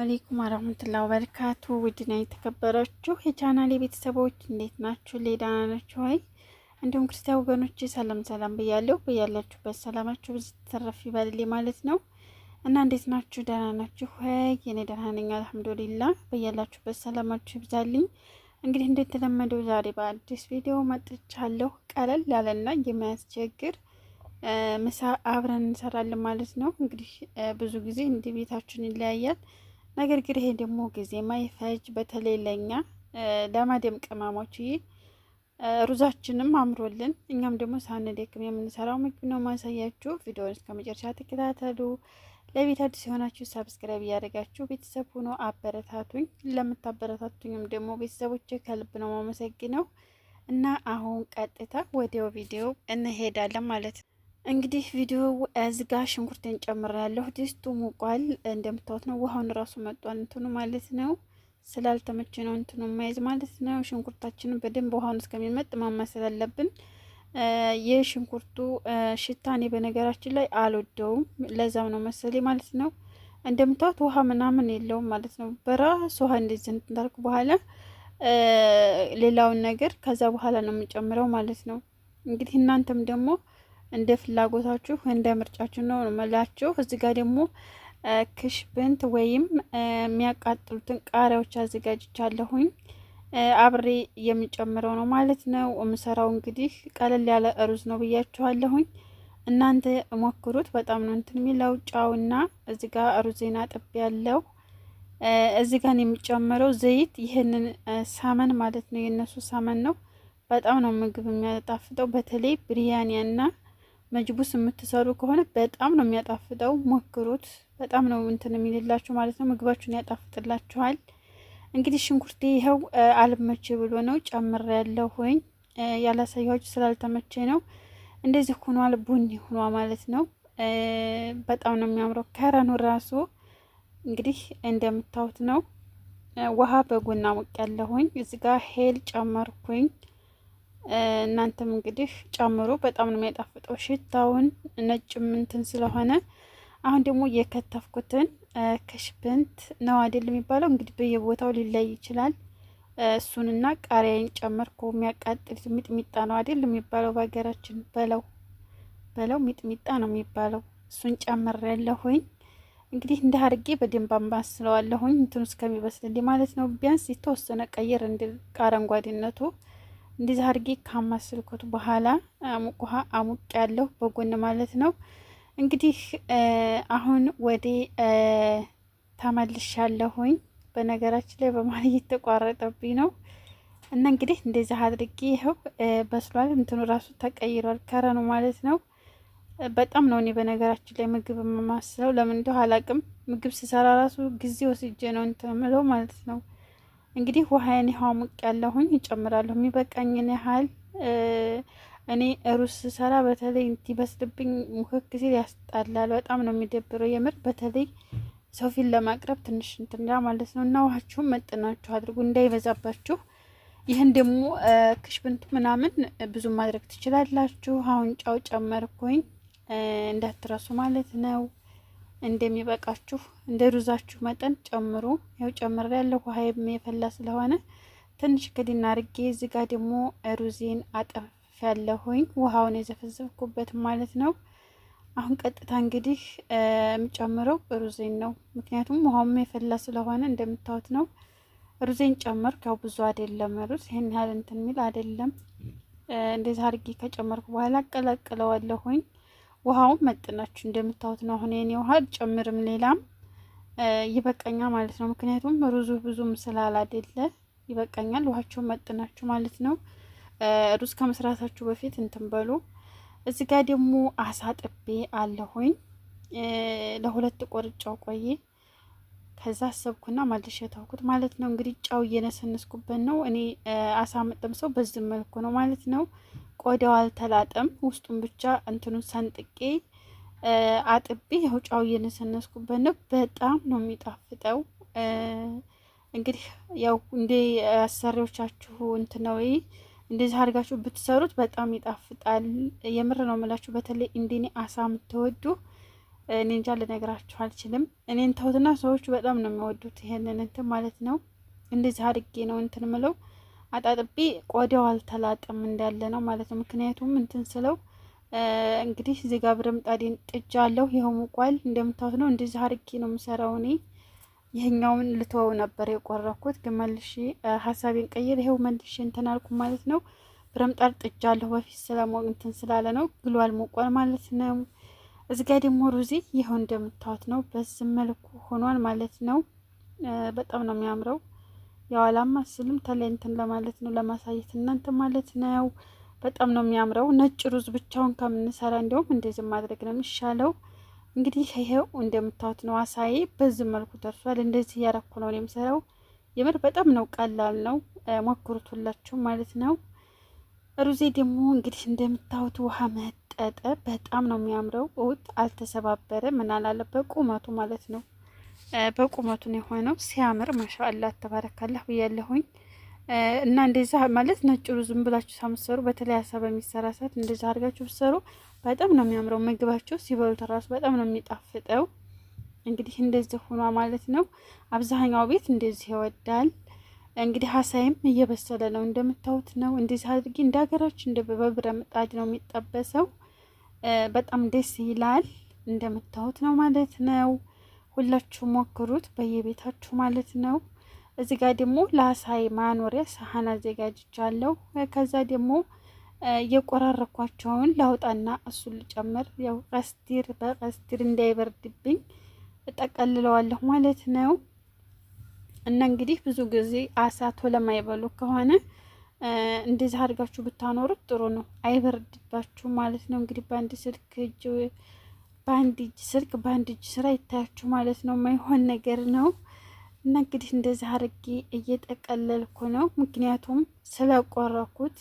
አሌኩም አረህመቱላ በረካቱ ውድና የተከበራችሁ የቻናሌ ቤተሰቦች እንዴት ናችሁ? ደህና ናችሁ ወይ? እንዲሁም ክርስቲያን ወገኖች ሰላም ሰላም ብያለሁ። በያላችሁበት ሰላማችሁ ብዙ ተረፍ ይበልልኝ ማለት ነው እና እንዴት ናችሁ? ደህና ናችሁ ወይ? የኔ ደህና ነኝ አልሐምዱሊላ። ብያላችሁበት ሰላማችሁ ይብዛልኝ። እንግዲህ እንደተለመደው ዛሬ በአዲስ ቪዲዮ መጥቻለሁ። ቀለል ያለና የማያስቸግር ምሳ አብረን እንሰራለን ማለት ነው። እንግዲህ ብዙ ጊዜ እንዲህ ቤታችን ይለያያል ነገር ግን ይሄ ደግሞ ጊዜ ማይፈጅ በተለይ ለኛ ለማደም ቅመሞች ይሄ ሩዛችንም አምሮልን እኛም ደግሞ ሳንደክም የምንሰራው ምግብ ነው ማሳያችሁ። ቪዲዮን እስከ መጨረሻ ተከታተሉ። ለቤት አዲስ የሆናችሁ ሳብስክራይብ እያደረጋችሁ ቤተሰብ ሆኖ አበረታቱኝ። ለምታበረታቱኝም ደግሞ ቤተሰቦች ከልብ ነው ማመሰግነው እና አሁን ቀጥታ ወዲያው ቪዲዮ እንሄዳለን ማለት ነው። እንግዲህ ቪዲዮ እዝጋ ሽንኩርቴን ጨምሬያለሁ። ድስቱ ሙቋል እንደምታዩት ነው። ውሃውን ራሱ መጧል እንትኑ ማለት ነው። ስላልተመቸ ነው እንትኑ ማየዝ ማለት ነው። ሽንኩርታችንን በደንብ ውሃውን እስከሚመጥ ማማሰል አለብን። የሽንኩርቱ ሽታ እኔ በነገራችን ላይ አልወደውም። ለዛም ነው መሰሌ ማለት ነው። እንደምታዩት ውሃ ምናምን የለውም ማለት ነው። በራሱ ውሃ እንደዚህ እንዳልኩ በኋላ ሌላውን ነገር ከዛ በኋላ ነው የምንጨምረው ማለት ነው። እንግዲህ እናንተም ደግሞ እንደ ፍላጎታችሁ እንደ ምርጫችሁ ነው መላችሁ። እዚህ ጋር ደግሞ ክሽብንት ወይም የሚያቃጥሉትን ቃሪያዎች አዘጋጅቻለሁኝ አብሬ የሚጨምረው ነው ማለት ነው። የምሰራው እንግዲህ ቀለል ያለ ሩዝ ነው ብያችኋለሁኝ። እናንተ ሞክሩት። በጣም ነው እንትን የሚለው ጫውና። እዚ ጋር ሩዜና ጥብ ያለው እዚ ጋር የሚጨምረው ዘይት ይህንን ሳመን ማለት ነው። የእነሱ ሳመን ነው። በጣም ነው ምግብ የሚያጣፍጠው በተለይ ብሪያኒያ ብሪያኒያና መጅቡስ የምትሰሩ ከሆነ በጣም ነው የሚያጣፍጠው። ሞክሩት። በጣም ነው እንትን የሚልላችሁ ማለት ነው። ምግባችሁን ያጣፍጥላችኋል። እንግዲህ ሽንኩርቴ ይኸው አልመቼ ብሎ ነው ጨምር ያለሁኝ ያላሳያዎች ስላልተመቼ ነው። እንደዚህ ሁኗል ቡኒ ሁኗ ማለት ነው። በጣም ነው የሚያምረው። ከረኑ ራሱ እንግዲህ እንደምታዩት ነው። ውሃ በጎና ሞቅ ያለሁኝ እዚጋ ጋር ሄል ጨመርኩኝ። እናንተም እንግዲህ ጨምሩ። በጣም ነው የሚያጣፍጠው ሽታውን ነጭ ምንትን ስለሆነ አሁን ደግሞ የከተፍኩትን ከሽፕንት ነው አይደል የሚባለው እንግዲህ በየቦታው ሊለይ ይችላል። እሱንና ቃሪያን ጨመርኩ። የሚያቃጥል ሚጥሚጣ ነው አይደል የሚባለው በሀገራችን በለው በለው ሚጥሚጣ ነው የሚባለው። እሱን ያለሁኝ እንግዲህ እንደ አርጌ በደንብ አማስለዋለሁኝ እንትኑ እስከሚበስልልኝ ማለት ነው። ቢያንስ የተወሰነ ቀየር እንዲል አረንጓዴነቱ እንደዚህ አድርጌ ካማሰልኩት በኋላ አሙቅ ውሃ አሙቅ ያለው በጎን ማለት ነው። እንግዲህ አሁን ወደ ተመልሻለሁኝ። በነገራችን ላይ በማለት እየተቋረጠብኝ ነው እና እንግዲህ እንደዚህ አድርጌ ይኸው በስሏል። እንትኑ ራሱ ተቀይሯል፣ ከረኑ ማለት ነው። በጣም ነው እኔ በነገራችን ላይ ምግብ የማስለው ለምን እንደው አላቅም። ምግብ ስሰራ ራሱ ጊዜ ወስጄ ነው እንትን ምለው ማለት ነው። እንግዲህ ውሃዬን ውሃ ሙቅ ያለሁኝ እጨምራለሁ የሚበቃኝን ያህል እኔ ሩስ ስሰራ በተለይ እንዲበስልብኝ ሙክክ ሲል ያስጣላል። በጣም ነው የሚደብረው የምር በተለይ ሰው ፊት ለማቅረብ ትንሽ እንትን ማለት ነው እና ውሃችሁን መጥናችሁ አድርጉ እንዳይበዛባችሁ። ይህን ደግሞ ክሽብንቱ ምናምን ብዙ ማድረግ ትችላላችሁ። አሁን ጨው ጨመርኩኝ እንዳትረሱ ማለት ነው። እንደሚበቃችሁ እንደ ሩዛችሁ መጠን ጨምሩ። ያው ጨምሬ ያለሁ ውሃ የሚፈላ ስለሆነ ትንሽ ክዲና አርጌ እዚህ ጋር ደግሞ ሩዜን አጠፍ ያለሁኝ ውሃውን የዘፈዘፍኩበት ማለት ነው። አሁን ቀጥታ እንግዲህ የምጨምረው ሩዜን ነው። ምክንያቱም ውሃውም የፈላ ስለሆነ እንደምታዩት ነው። ሩዜን ጨመርኩ። ያው ብዙ አይደለም ሩዝ ይህን ያህል እንትን የሚል አይደለም። እንደዚህ አርጌ ከጨመርኩ በኋላ አቀላቅለዋለሁኝ። ውሃውን መጥናችሁ እንደምታዩት ነው። አሁን የኔ ውሃ ጨምርም ሌላም ይበቃኛ ማለት ነው። ምክንያቱም ሩዙ ብዙም ስላላደለ ይበቃኛል። ውሃቸውን መጥናችሁ ማለት ነው። ሩዝ ከመስራታችሁ በፊት እንትን በሉ። እዚህ ጋር ደግሞ አሳ ጥቤ አለሁኝ ለሁለት ቆርጫው ቆዬ ከዛ አሰብኩና ማልደሽ የታውኩት ማለት ነው። እንግዲህ ጫው እየነሰነስኩበት ነው እኔ አሳ አሳምጥም ሰው በዚህ መልኩ ነው ማለት ነው። ቆዳው አልተላጠም። ውስጡን ብቻ እንትኑን ሰንጥቄ አጥቤ ያው ጫው እየነሰነስኩበት ነው። በጣም ነው የሚጣፍጠው። እንግዲህ ያው እንደ አሰሪዎቻችሁ እንትን ነው እንደዚህ አድርጋችሁ ብትሰሩት በጣም ይጣፍጣል። የምር ነው የምላችሁ። በተለይ እንደኔ አሳ የምትወዱ እኔ እንጃ ልነግራችሁ አልችልም። እኔን ተውትና ሰዎቹ በጣም ነው የሚወዱት ይሄንን እንትን ማለት ነው። እንደዚህ አድርጌ ነው እንትን ምለው አጣጥቤ ቆዳው አልተላጠም እንዳለ ነው ማለት ነው። ምክንያቱም እንትን ስለው እንግዲህ እዚህ ጋር ብረምጣዴን ጥጃ አለው ይኸው ሙቋል እንደምታዩት ነው። እንደዚህ አድርጌ ነው የምሰራው እኔ። ይህኛውን ልትወው ነበር የቆረኩት ግን መልሼ ሀሳቤን ቀይር ይኸው መልሼ እንትን አልኩ ማለት ነው። ብረምጣድ ጥጃ አለሁ በፊት ስለሞቅ እንትን ስላለ ነው ግሏል ሙቋል ማለት ነው። እዚ ጋ ደግሞ ሩዚ ይኸው እንደምታዩት ነው። በዚህ መልኩ ሆኗል ማለት ነው። በጣም ነው የሚያምረው። ያው አላማ ስልም ተለይንትን ለማለት ነው ለማሳየት እናንተ ማለት ነው። በጣም ነው የሚያምረው። ነጭ ሩዝ ብቻውን ከምንሰራ እንዲሁም እንደዚህ ማድረግ ነው የሚሻለው። እንግዲህ ይሄው እንደምታዩት ነው። አሳዬ በዚህ መልኩ ደርሷል። እንደዚህ እያረኩ ነው የምሰራው። የምር በጣም ነው ቀላል ነው። ሞክሩት ማለት ነው። ሩዜ ደግሞ እንግዲህ እንደምታዩት ውሃ ያለቀጠ በጣም ነው የሚያምረው። ውጥ አልተሰባበረ ምን አላለ በቁመቱ ማለት ነው። በቁመቱ ነው የሆነው ሲያምር። ማሻአላ ተባረካላህ ብያለሁኝ። እና እንደዛ ማለት ነጭ ሩዝም ብላችሁ ሳምሰሩ በተለይ ሀሳ በሚሰራ ሰዓት እንደዛ አድርጋችሁ ብሰሩ በጣም ነው የሚያምረው። ምግባችሁ ሲበሉት ራሱ በጣም ነው የሚጣፍጠው። እንግዲህ እንደዚህ ሆኗ ማለት ነው። አብዛኛው ቤት እንደዚህ ይወዳል። እንግዲህ ሀሳይም እየበሰለ ነው እንደምታዩት ነው። እንደዚህ አድርጊ እንደ ሀገራችን እንደ በብረ ምጣድ ነው የሚጠበሰው። በጣም ደስ ይላል። እንደምታዩት ነው ማለት ነው። ሁላችሁ ሞክሩት በየቤታችሁ ማለት ነው። እዚህ ጋር ደግሞ ለአሳይ ማኖሪያ ሰሀን አዘጋጅቻለሁ። ከዛ ደግሞ የቆራረኳቸውን ላውጣና እሱን ልጨምር። ያው ቀስቲር በቀስቲር እንዳይበርድብኝ እጠቀልለዋለሁ ማለት ነው። እና እንግዲህ ብዙ ጊዜ አሳ ቶሎ ከሆነ እንደዚህ አድርጋችሁ ብታኖሩት ጥሩ ነው፣ አይበርድባችሁ ማለት ነው። እንግዲህ በአንድ ስልክ እጅ በአንድ እጅ ስልክ በአንድ እጅ ስራ ይታያችሁ ማለት ነው። ማይሆን ነገር ነው እና እንግዲህ እንደዚህ አድርጌ እየጠቀለልኩ ነው። ምክንያቱም ስለቆረኩት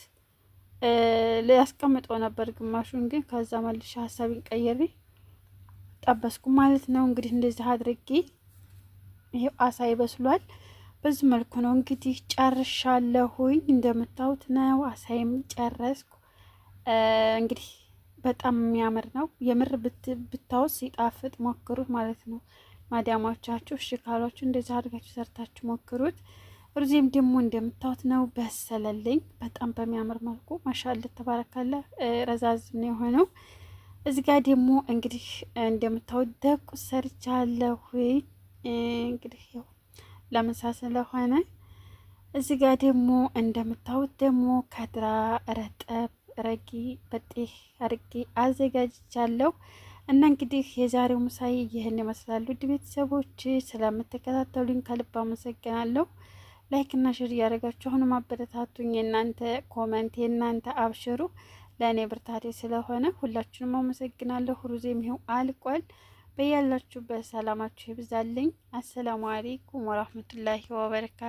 ሊያስቀምጠው ነበር ግማሹን፣ ግን ከዛ መልሻ ሀሳቢን ቀየሬ ጠበስኩ ማለት ነው። እንግዲህ እንደዚህ አድርጌ ይሄው አሳ ይበስሏል። በዚህ መልኩ ነው እንግዲህ ጨርሻለሁኝ። እንደምታዩት ነው። አሳይም ጨረስኩ። እንግዲህ በጣም የሚያምር ነው የምር ብታውስ ሲጣፍጥ ሞክሩት ማለት ነው። ማዳማቻችሁ እሺ ካሏችሁ እንደዚህ አድርጋችሁ ሰርታችሁ ሞክሩት። ሩዚም ደግሞ እንደምታዩት ነው በሰለልኝ በጣም በሚያምር መልኩ ማሻለ ተባረካለ። ረዛዝም ነው የሆነው። እዚህ ጋር ደግሞ እንግዲህ እንደምታዩት ደቁ ሰርቻለሁኝ እንግዲህ ለምሳ ስለሆነ እዚህ ጋር ደግሞ እንደምታዩት ደግሞ ከድራ ረጠብ ረጊ በጤህ አርጌ አዘጋጅቻለሁ እና እንግዲህ የዛሬው ምሳዬ ይህን ይመስላሉ። ውድ ቤተሰቦች ስለምትከታተሉኝ ከልብ አመሰግናለሁ። ላይክ እና ሽር እያደረጋችሁ አሁንም አበረታቱኝ። የእናንተ ኮመንት፣ የእናንተ አብሽሩ ለእኔ ብርታቴ ስለሆነ ሁላችሁንም አመሰግናለሁ። ሩዜም ይኸው አልቋል። በያላችሁበት ሰላማችሁ ይብዛልኝ። አሰላሙ አሌይኩም ወራህመቱላሂ ወበረካቱ